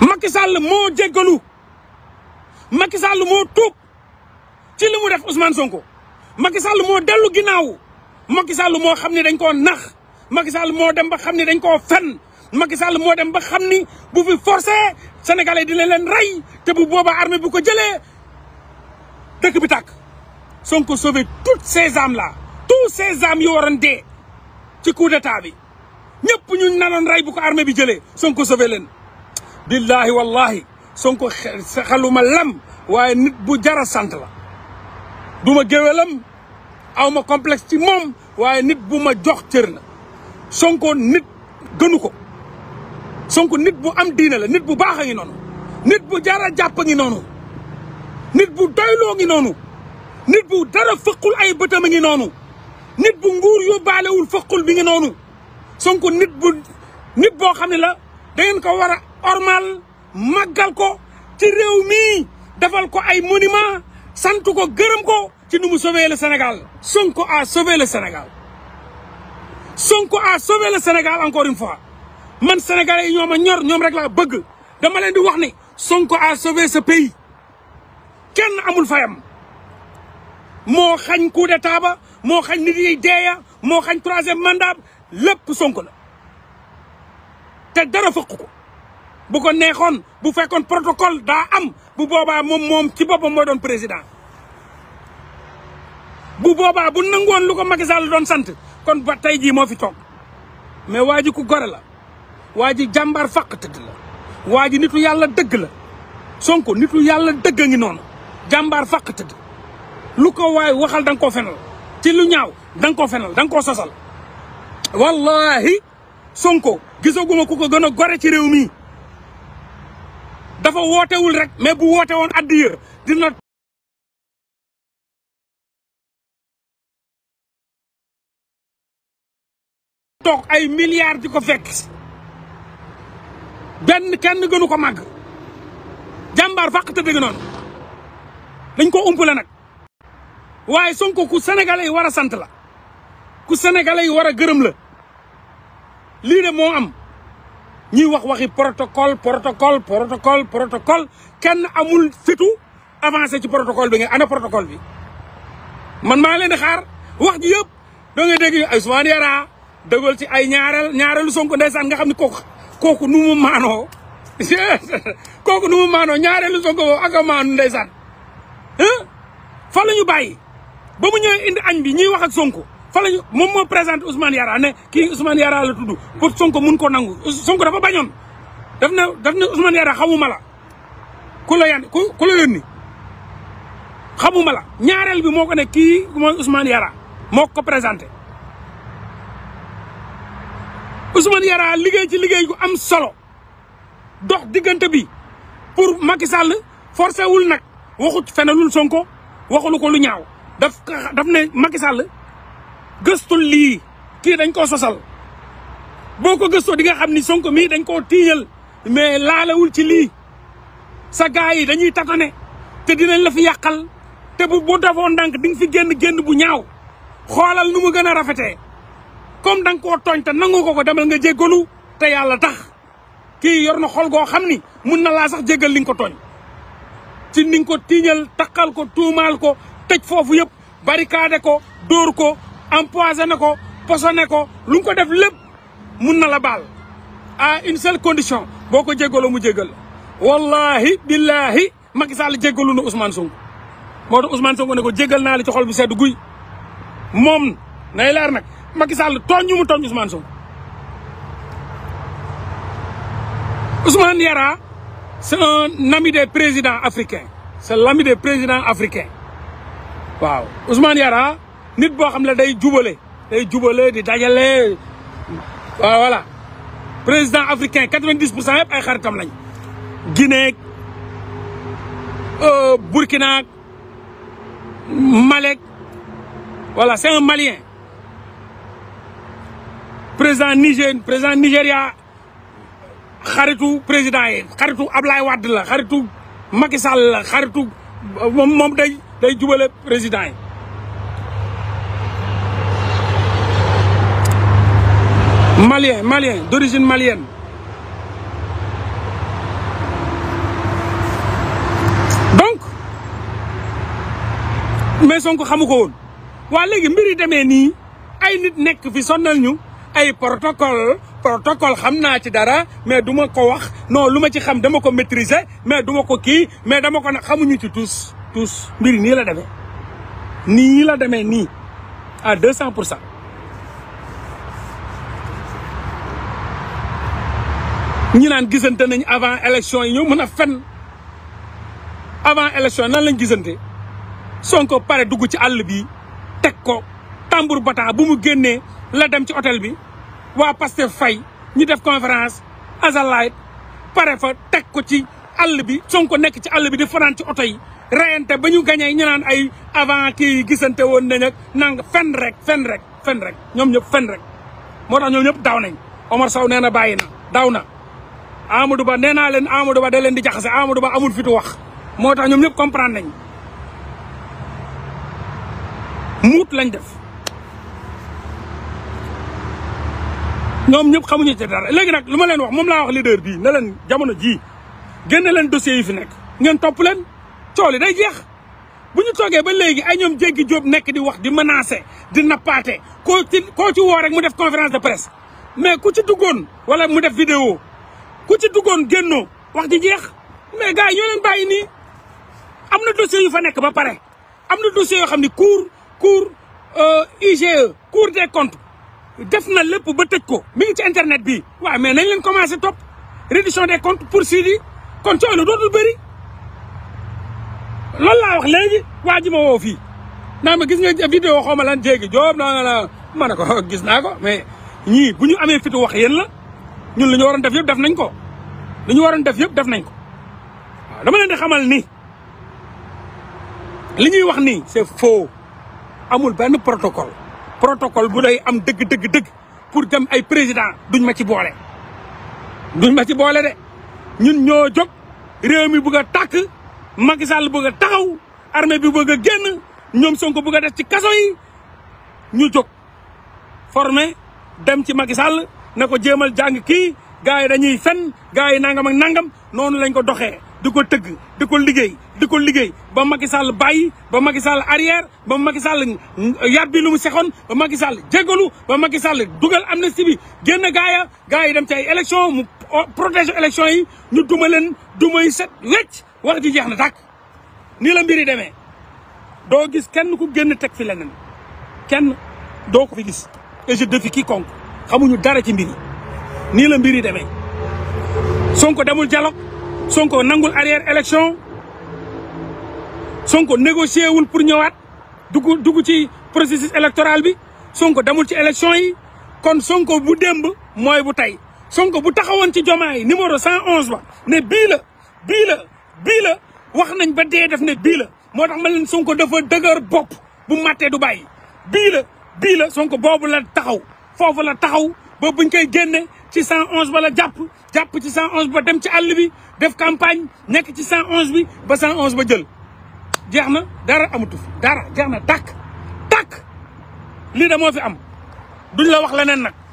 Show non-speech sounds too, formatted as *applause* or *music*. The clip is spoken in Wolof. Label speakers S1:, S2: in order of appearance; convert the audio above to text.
S1: Macky Sall moo jéggalu Macky Sall moo tuub ci li mu def Ousmane Sonko Macky Sall moo dellu ginnaaw Macky Sall moo xam ni dañ ko nax Macky Sall moo dem ba xam ni dañ koo fen Macky Sall moo dem ba xam ni bu fi forcé sénégalais dina leen rey te bu boobaa armée bu ko jëlee dëkk bi tàkk Sonko sauvé toutes ces âmes là tous ces âmes yu waroon dee ci coup d'état bi ñëpp ñu nanoon rey bu ko armée bi jëlee Sonko sauvé leen billahi wallahi Sonko xeluma lem waaye nit bu jara sant la du ma géwélam aw ma complexe ci moom waaye nit bu ma jox cër la Sonko nit gënu ko Sonko nit bu am diina la nit bu baax a ngi noonu nit bu jara jàpp a ngi noonu nit bu doyloo ngi noonu nit bu dara fëqul ay bëtam a ngi noonu nit bu nguur yóbbaalewul fëqul bi ngi noonu Sonko nit bu nit boo xam ne la da ngeen ko war a ormal màggal ko ci réew mii defal ko ay monument sant ko gërëm ko ci nu mu sauver le Sénégal Sonko a sauvé le Sénégal Sonko a sauvé le Sénégal encore une fois man sénégalais yi ñoom a ñor ñoom rek laa bëgg dama leen di wax ni Sonko a sauvé ce pays kenn amul fayam moo xañ coup d'état ba moo xañ nit yi deeya moo xañ troisième mandat lépp Sonko la te dara fëq ko bu ko neexoon bu fekkoon protocole daa am bu boobaa moom moom ci boppam mooy doon président bu boobaa bu nangoon lu ko Macky Sall doon sant kon ba tey jii moo fi toog mais waa ji ku gore la waa ji jàmbaar fàq tëdd la waa ji nitu yàlla dëgg la Sonko nitu yàlla dëgg a ngi noonu jàmbaar fàq tëdd lu ko waay waxal da nga koo fenal ci lu ñaaw da nga koo fenal da nga koo sosal wallahi Sonko gisaguma ku ko gën a gore ci réew mi dafa wootewul rek mais bu woote woon addiya dina toog ay milliards di ko fekk benn kenn gënu ko màgg jàmbaar fàq te dëgg noonu dañ ko umpale nag waaye Sonko ku sénégalais yi war a sant la ku sénégalais yi war a gërëm la lii de moo am ñuy wax waxi protocole protocole protocole protocole kenn amul fitu avancé ci protocole bi nga ana protocole bi man maa leen di xaar wax ji yëpp doo nga dégg Ousmane Yara dëggal ci ay ñaareel ñaareelu Sonko ndeysaan nga xam ne kooku kooku nu mu *laughs* kooku nu maano maanoo ñaareelu Sonko boobu ak a maanu ndeysaan fa la ñu bàyyi ba mu ñëwee indi añ bi ñuy wax ak Sonko fa lañu moom moo présenté Ousmane Yara ne kii Ousmane Yara la tudd pour Sonko mun ko nangu Sonko dafa bañoon daf na daf na Ousmane Yara xamuma la ku la yan ku ku la yónni xamuma la ñaareel bi moo ko ne kii Ousmane Yara moo ko présenté Ousmane Yara liggéey ci liggéey gu am solo dox diggante bi pour Macky Sall forcé wul nag waxut fenelul Sonko waxulu ko lu ñaaw daf daf Macky Sall gëstul lii kii dañ ko sosal boo ko gëstoo di nga xam ni Sonko mii dañ koo tiiñal mais laalewul ci lii sa gars yi dañuy tatone te dinañ la fi yàqal te bu bu defoo ndànk di nga fi génn génn bu ñaaw xoolal nu mu gën a rafetee comme dang ko koo tooñ te nangu ko ko demal nga jéggalu te yàlla tax kii yor na xol goo xam ni mun na laa sax jéggal li ko tooñ ci ni ko tiiñal takkal ko tuumaal ko tëj foofu yëpp barricade ko dóor ko empoisonné ko poisonné ko lu nga ko def lépp mun na la baal une seule condition boo ko jéggaloo mu jéggal wallahi billahi Macky Sall jéggalu na Ousmane Sonko moo tax Ousmane ne jéggal naa la ci xol bu sedd guy moom nay leer nag Macky Sall tooñ ñu mu tooñ Ousmane Sonko Ousmane Yara c'est un ami des présidents africains c'est l'ami des présidents Yara nit bo xamne day djubale day djubale di dajale voilà président africain 90% yeb ay xaritam lañ Guinée Burkina Malek voilà c'est un malien président Niger président Nigéria xaritou président yi xaritou ablay wad la xaritou Macky Sall la xaritou mom moom day day djubale président yi malien malien d'origine malienne donc mais Sonko xamu ko woon waa léegi mbir yi demee ay nit fi protocol protocole protocole dara mais du ko non ci Je dama maîtriser mais du ko mais tous tous la ni la ni, à 200 ñi naan gisante nañ avant élection yi ñoo mën a fen avant élection nan lañ gisante Sonko pare dugg ci àll bi teg ko tambour bata bu mu génnee la dem ci hôtel bi waa Pastef fay ñu def conférence azalaay pare fa teg ko ci àll bi Sonko nekk ci àll bi di fanaan ci oto yi reyante ba ñu gañee ñu naan ay avant kii gisante woon nañ ak nang fen rek fenn rek fen rek ñoom ñëpp fenn rek moo tax ñoom ñëpp daw nañ Omar Sow nee na bàyyi na daw na Amadou Ba nee naa leen Amadou Ba de leen di jaxase Amadou Ba amul fitu wax moo tax ñoom ñëpp comprendre nañ muut lañ def ñoom ñëpp xamuñu ci dara léegi nag lu ma leen wax moom laa wax leader bii na leen jamono jii génne leen dossiers yi fi nekk ngeen topp leen cool yi day jeex bu ñu toogee ba léegi ay ñoom jéggi jóob nekk di wax di menacer di nappaate koo ci koo woo rek mu def conférence de presse mais ku ci duggoon wala mu def vidéo ku ci duggoon génnoo wax ji jeex mais gars yi ñoo leen bàyyi nii am na dossier yu fa nekk ba pare am na dossier yoo xam ne cour cour euh, IGE cour des comptes def na lépp ba tëj ko mi ngi ci internet bi waaw mais nañ leen commencé topp reddition des comptes poursuivi kon coow la dootul bëri loolu laa wax léegi waa ji ma woo fii naa ma gis nga vidéo xaw ma lan jéegi joob naa na ma ne ko *laughs* gis naa ko mais ñii bu ñu amee fitu wax yéen la ñun li ñu waroon def yëpp def nañ ko li ñu waroon def yëpp def nañ ko waaw dama leen di xamal ni li ñuy wax ni c'est faux amul benn protocole protocole bu day am dëgg dëgg dëgg pour dem ay président duñ ma ci boole duñ ma ci boole de ñun ñoo jog réew mi bëgg a tàkk Macky Sall bëgg taxaw armée bi bëgg a génn ñoom Sonko bëgg a def ci kaso yi ñu jóg formé dem ci Macky Sall na ko jéemal jàng kii gars yi dañuy fen gars yi nangam ak nangam noonu lañ ko doxee di ko tëgg di ko liggéey di ko liggéey ba Macky Sall bàyyi ba Macky Sall arrière ba Macky Sall yàbbi lu mu sexoon ba Macky Sall jéggalu ba Macky Sall dugal amnistie bi génn gaaya gars yi dem ci ay élection mu protéger élection yi ñu duma leen duma yi set wecc wax ji jeex na tàkk nii la mbiri demee doo gis kenn ku génn teg fi leneen kenn doo ko fi gis et je défie quiconque xamuñu dara ci mbiri ni la mbiri Songo sonko demul dialogue sonko nangul arrière élection sonko négocier wul pour ñëwaat duggu duggu ci processus électoral bi sonko demul ci élection yi kon sonko bu demb moy bu tay sonko bu taxawon ci jomay numéro 111 ba né bi la bi la bi la wax nañ ba dé def né bi la motax ma leen sonko dafa bop bu maté du bàyyi bi la bi la sonko bobu la taxaw foofu la taxaw ba buñ koy génne ci 111 ba la japp japp ci 111 ba dem ci def campagne nek ci 111 bi ba 111 ba dara amatu dara jeex tak, tak. li da fi am duñ la wax leneen nak